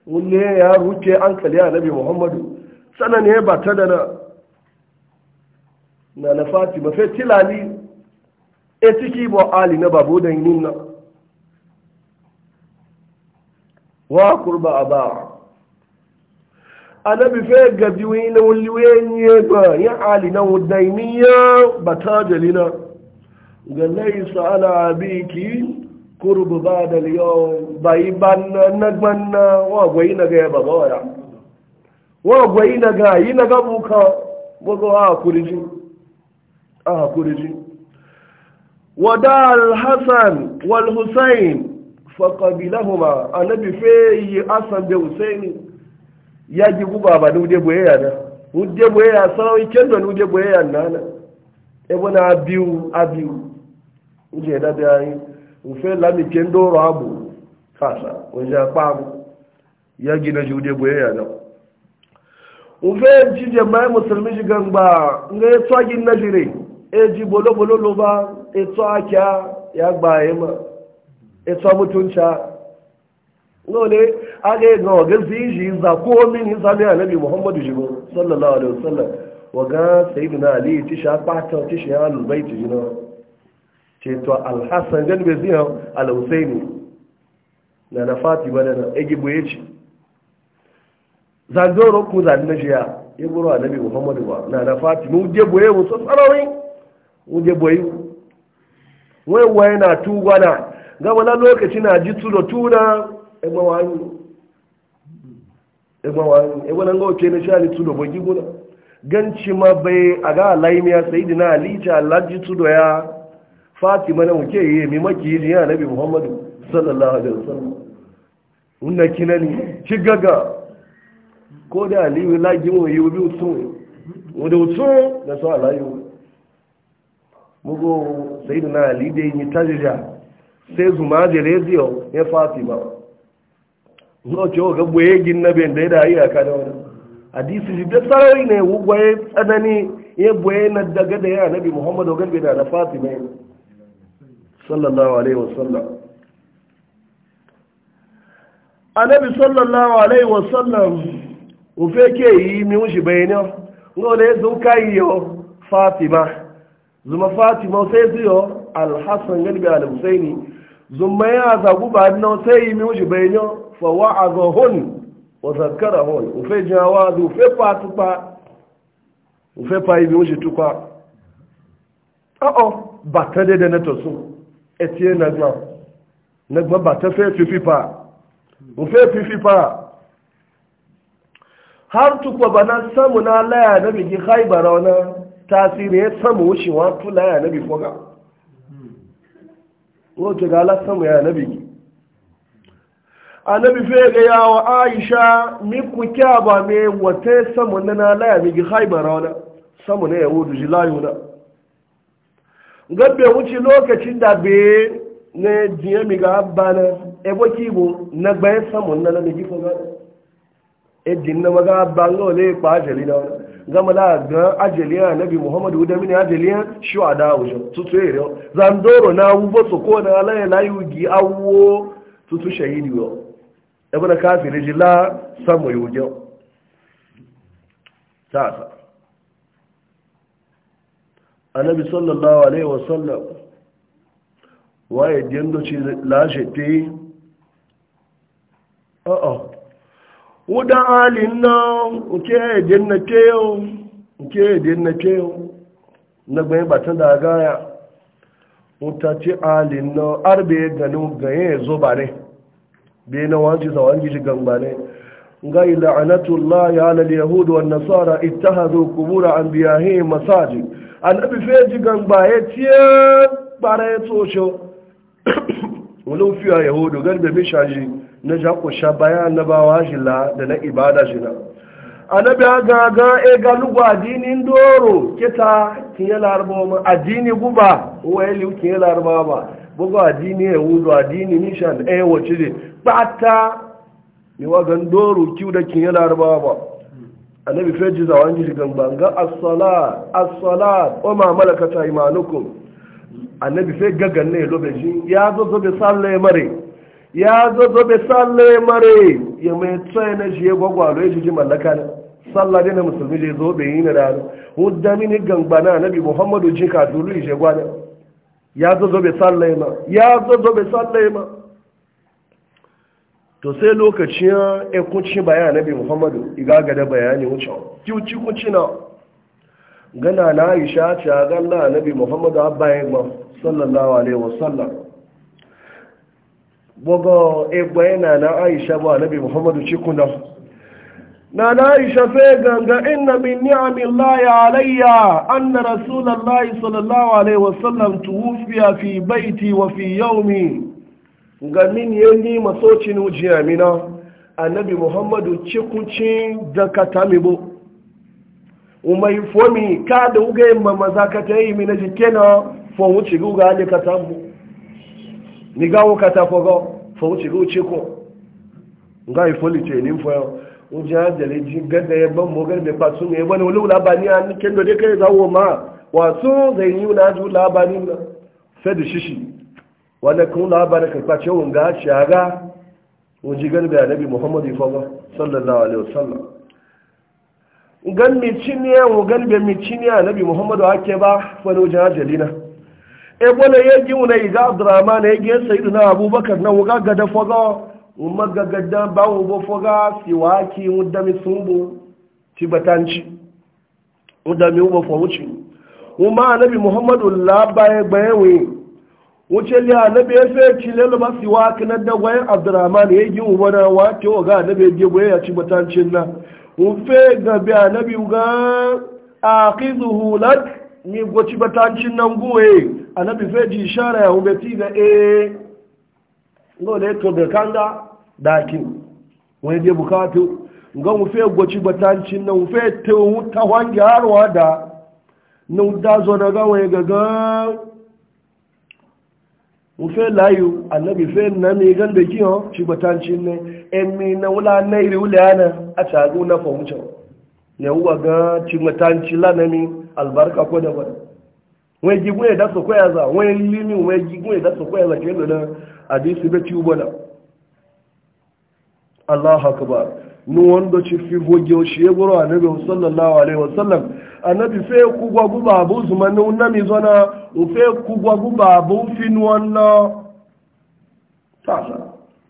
wule ya a an kali muhammadu sanan ya ba ta da na na na fatima sai tilali e ciki ba babu da yin wa kurba a ba anabi fe gabi wi na wuli wenye ba ya ali na wudaimiya batajalina ga laisa ala abiki kurbu ba da liyon bayi ban na gbanna wa gwayi na gaya ba bawaya wa gwayi na ga yi na gabu ka bugu a kuriji a kuriji wada al-hasan wal-husain faqabilahuma anabi fe yi asan da husaini yagi guba ba nude boyayya na nude boyayya sarawai kendo nude boyayya na na ebo na abiu abiu nje da da yi ufe lami kendo rabu kasa wajen akpamu yagi na jude boyayya na ufe jije mai musulmi jigan ba nga ya tsagi na jire eji bolo bolo lo ba eto akya ya gbaye ma eto mutunca nole aga ga waga ziji za ko mini za mai annabi muhammadu jibo sallallahu alaihi wasallam waga sayyidina ali ti sha fata ti sha alul bait jina ce to alhasan gan be ziyan alhusaini na na fati da na egi boye ci zandoro ku zan na jiya ya buru muhammadu ba na na fatima uje boye mu tsarawai uje boye wai wai na tugwana gaba na lokaci na ji tudo tuna egbe wanyi egbe wanyi egbe nan gawo kene shi ali tudo bogi guna ganci ma bai a ga alaimiya sayidina ali ta alaji tudo ya fatima na muke yi mi maki yi ya nabi muhammadu sallallahu alaihi wasallam unna kinani ki gaga ko da aliyu lagi mu yi bi utun wanda utun na so alayu mugo sayidina ali dai ni tajja sai zuma je rediyo ya fatima no cewa ga boye gin na ben da ya da iyaka da wani hadisi shi da sarari ne gwaye tsanani ya boye na daga da ya nabi muhammadu galbe da na fatima sallallahu alaihi wasallam annabi sallallahu alaihi wasallam ufe ke yi min bai mi wushi ne ngole zuka yo fatima zuma fatima sai ziyo alhassan galbe al-husaini zuma ya zagu ba nan sai yi min mi bai bayani fa wa'azahun wa zakarahun ufe jawazu ufe patupa ufe pa ibi wuce tukwa a'o ba ta daidai na tosun etiye na gba na gba ba ta fe fifipa ufe fifipa har tukwa ba na samu na laya na tasiri ya samu tu laya na ga samu ya na annabi fe ga yawa aisha mi ku kya ba me wata samu na na laya mi gi haibara wani samu na yahudu ji layu na gabbe wuce lokacin da be ne jiye mi ga abba na ebo kibo na gbaye samu na na mi gi foga e din na maga abba nga wale pa ajali na wani gama la ga ajali ya nabi muhammadu da mini ajali ya shi wa da wuce tutu ere zandoro na wubo su ko na laye layu gi awo tutu shahidi yau ibn kafir ji la samu yujo sasa annabi sallallahu alaihi wasallam waye dindo ci lashe te o o wuda alin na nke dinna keo nke dinna keo na gbe batan da gaya wuta mutaci alin na arbe ganin ganin zo ba ne bai na wanci sa wanci shi gambane gai la'anatullah ya halal yahud wa nasara ittakhadhu qubur anbiya'ihim masajid annabi fe ji gambaye tiye bare tsosho wulun fiya yahudu garbe mishaji na jako sha baya na bawa shi la da na ibada shi na annabi ga ga e ga lugu adinin doro kita kiye larba ma adini guba wai liu kiye larba ba bugu adini yahudu adini mishan e wace bata ne wa gandoro kiw da kin yala arba ba annabi feji za wani shi gamba ga as-salat as-salat wa ma malakata imanukum annabi fe gagan ne lobe shi ya zo zo be salle mare ya zo zo be salle mare ya mai tsaye na shi ya gwagwalo ya shi mallaka ne sallah dai musulmi je zo be yi na da hudda mini gamba na annabi muhammadu jin ka dulu ya gwada ya zo zo be salle ma ya zo zo be salle ma to sai lokacin ya kunci bayan nabi muhammadu iga gada bayani wucin kiwuci kunci na gana na aisha ce a ganna nabi muhammadu abayin ma sallallahu alaihi wasallam gbogbo egbe yana na aisha ba nabi muhammadu cikuna na na aisha fe ganga inna min ni'amillahi alayya anna rasulullahi sallallahu alaihi wasallam tuwfiya fi baiti wa fi yawmi ga min yanni masocin ujiya mina annabi muhammadu cikuncin da ka tamibo umai fomi ka da uga ma maza ka ta yi mina jike na fomu ci guga ale ka tambu ni gawo ka ta fogo fomu ci guga ciko nga ifoli ce ni foyo ujiya da le ji gada ya ban mo mai pasu ne wani wulu labani an kendo de kai zawo ma wasu zai yi wula ju fedu shishi wanda kun labarin karfa ce wunga shaga wuji garbi a nabi muhammad ifama sallallahu alaihi wasallam gan mi ciniya wu gan be mi a nabi Muhammadu ake ba fano jajalina e bona yegi una iga abdurrahman idu na abubakar na wuga gada foga. umma gagadda ba wo bo foga siwaki mudami sumbu tibatanci mudami wo fo wuci umma nabi muhammad la baye wuce liya na bai fe ci lelo ba wa kana da wayan abdurrahman ya yi wani wa ke wa ga na bai gebo ya ci batancin na wufe ga biya na biyu a aqizuhu lak ni goci batancin nan goye annabi fe ji shara ya ubeti ga e eh, ngole to ga kanga dakin wani je bukatu nga wufe goci batancin nan wufe ta wangi harwa da nun da zo na ga wani gaga ufe layu annabi fe na ne gan da kiyo shi batanci ne en mi na wula na iri wula na a tagu na fahimta ne uwa ga ci matanci lanami albarka ko da wani wai gigun ya dasa koya za wai limi wai gigun ya koya za ke lona hadisi da ci Allah akbar nu wanda ci fi voge shi ya goro annabi sallallahu alaihi wasallam annabi fe kugwa guba bu zumanu unami zona ufe kugwa guba bu finwanna tasa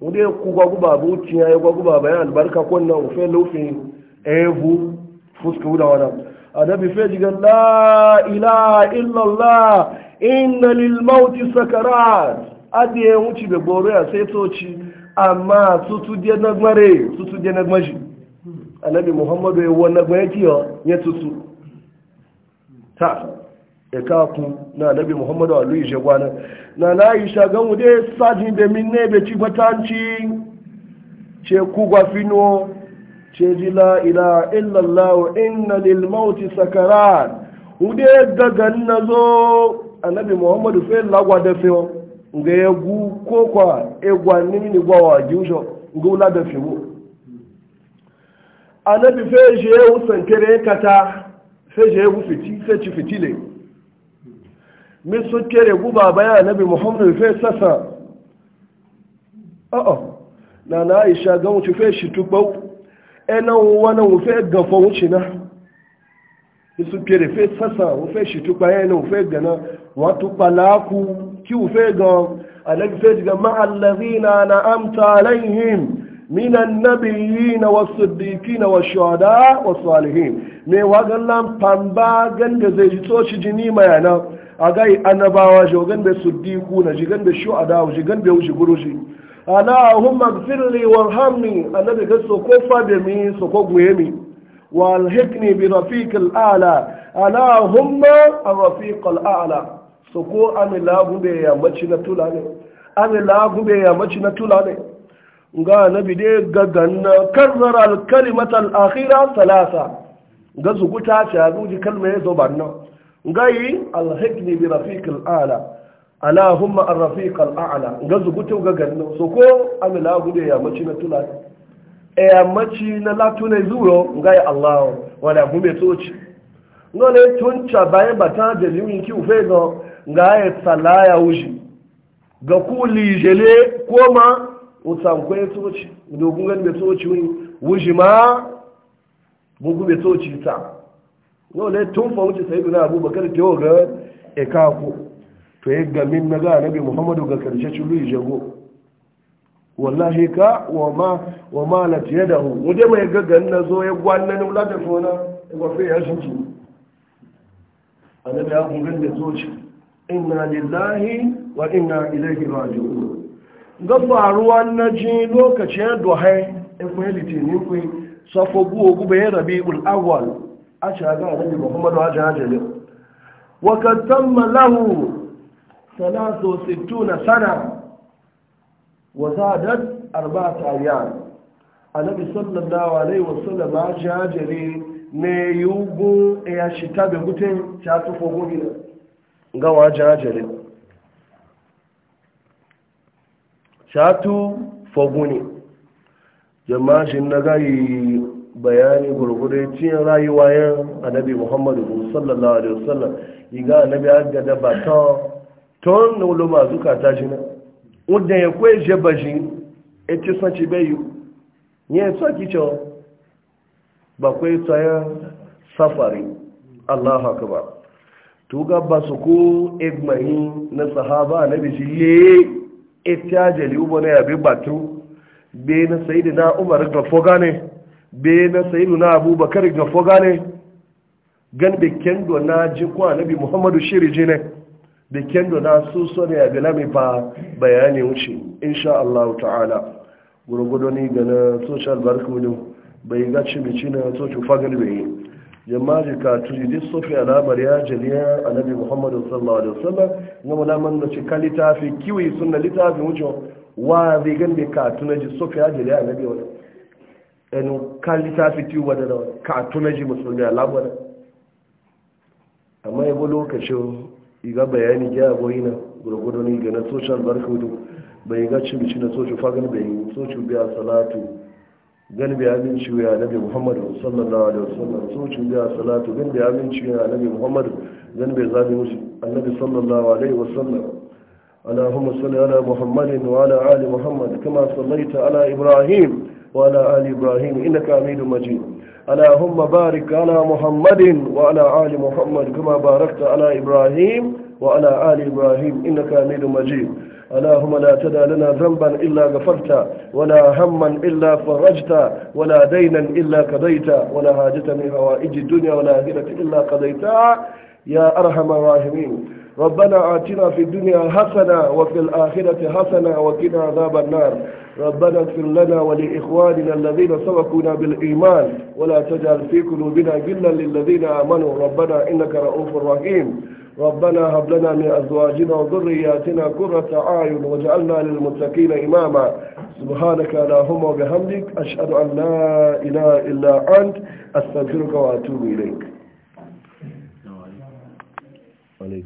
wunde kugwa guba bu tiya ya guba bayan albarka konna ufe lufin evu fuska wuda wana annabi fe diga la ilaha illallah inna lil mauti sakarat adiye wuci be boro ya sai toci amma tutu je na tutu je na maji muhammadu ya wannan gwayaki ya tutu ta ya kakun na nabi muhammadu a luyi shagwana na yi shagan wude sajin da min ne bai ci batanci ce ku gwafino ce ji la ila illallah inna lil mauti sakarat wude daga na zo nabi muhammadu fe lagwa da fe nga ya gu ko kwa egwa nimi ni gwa wa jiusho nga wula da a nabi annabi fe je usan kere kata sai je gu fiti sai ci fitile min sun kere gu baba na bi muhammadu fe sassa a'a na na aisha ga wuce fe shi tukbau ena wani wufe gafa wuce na min sun kere fe sassa wufe shi tukpa ya e na wufe gana watu palaku ki wufe ga anabi fe diga ma'allazina na amta alaihim من النبيين والصديقين والشهداء والصالحين مي واغلام بامبا غن دزي توشي جيني ما انا اغاي انا باوا جو غن بي صديقو نا جي غن بي شهداء و جي غن بي وشي غروشي انا هم اغفر لي وارحمني انا بي غسو كو فاد مي سو كو غويمي والهكني برفيق الاعلى انا هم الرفيق الاعلى سو كو امي لا غوبي يا ماتشي نتولاني امي لا غوبي يا ماتشي نتولاني ga nabi dai ganna karzara alkalimata al'akhira salasa ga zuguta ce a zuji kalmar ya zobar nan ga yi alhaikni bi rafiq al'ala humma arrafiq al'ala ga zuguta ga ganna so ko amila gude ya maci na tula e ya maci na latuna zuro ga yi allah wala gube tsoci nole tunca bayan bata da liwin ki ufe ga ga ya tsala ya ga kuli jele koma usan kwaye tsoci dogon gani bai tsoci wani wuji ma bugu bai tsoci ta yau ne tun fa wuce sai duna abubakar ta yau e e ga ekako to ya gamin na ga nabi muhammadu ga karshe culu ya jago wallahi ka wa ma wa ma la tiyadahu wuje mai gaggan na zo e ya gwanna ne wula da fona ya gwafe ya shinci annabi ya gungan da tsoci inna lillahi wa inna ilaihi raji'un ga faruwa na ji lokacin dohai ikwai litini kwai safo buwa gube ya rabi ul'awwal a shaga a rabi muhammadu hajji hajjali wakatan malahu salaso sittu na sana wazadat arba tariyan annabi sallallahu alaihi wasallam hajji hajjali ne yugun e ya shita bai gutun ta tufo gobe ga wajen hajjali shatu faguni jama'ashin na gari bayani gurgurai cin rayuwa ya annabi muhammadu sallallahu alaihi wasallam iga annabi agada ba ta ton na ulo masu kata shi na wadda ya kwaye ba shi ya e ci san ci bayu ya yi tsaki cewa ba kwaye tsayen safari allah haka ba tuga ba su ko egmahi na sahaba annabi shi yi ita uba ubo na yabe batu be na sayidu na umar ga foga ne be na sayidu na abubakar ga foga ne gan bikin kendo na ji ko nabi muhammadu shiriji ne bikin kendo na su so ne yabe lami ba bayani wuce insha Allah ta'ala gurgudu ni ga na social barkudu bai gaci bici na social fagal bai jamaji ka tuji duk sofi alamar ya jaliya annabi muhammadu sallallahu alaihi wasallam na mulaman da ce ka littafi kiwi sunna littafi wuce wa zai gan da ka tuna ji sofi ya jaliya annabi wani ɗan ka littafi kiwi wadda da ka tuna ji musulmi alamar amma yabo lokacin iga bayani ga goyi na gurgudu ne ga na social barkudu bai ga cibici na social fagan bai yi social biya salatu galibi aminci ya nabi muhammadu sallallahu alaihi wasallam so cin da salatu galibi aminci ya nabi muhammadu zabi musu annabi sallallahu alaihi wasallam اللهم صل على محمد وعلى آل محمد كما صليت على إبراهيم وعلى آل إبراهيم إنك عميد مجيد اللهم بارك على محمد وعلى آل محمد كما باركت على إبراهيم وعلى آل إبراهيم اللهم لا تدع لنا ذنبا إلا غفرت ولا هما إلا فرجت ولا دينا إلا قضيت ولا حاجة من هوائج الدنيا ولا آخرة إلا قضيتها يا أرحم الراحمين ربنا آتنا في الدنيا حسنة وفي الآخرة حسنة وقنا عذاب النار ربنا اغفر لنا ولإخواننا الذين سبقونا بالإيمان ولا تجعل في قلوبنا غلا للذين آمنوا ربنا إنك رؤوف رحيم ربنا هب لنا من أزواجنا وذرياتنا قرة أعين واجعلنا للمتقين إماما سبحانك اللهم وبحمدك أشهد أن لا إله إلا أنت أستغفرك وأتوب إليك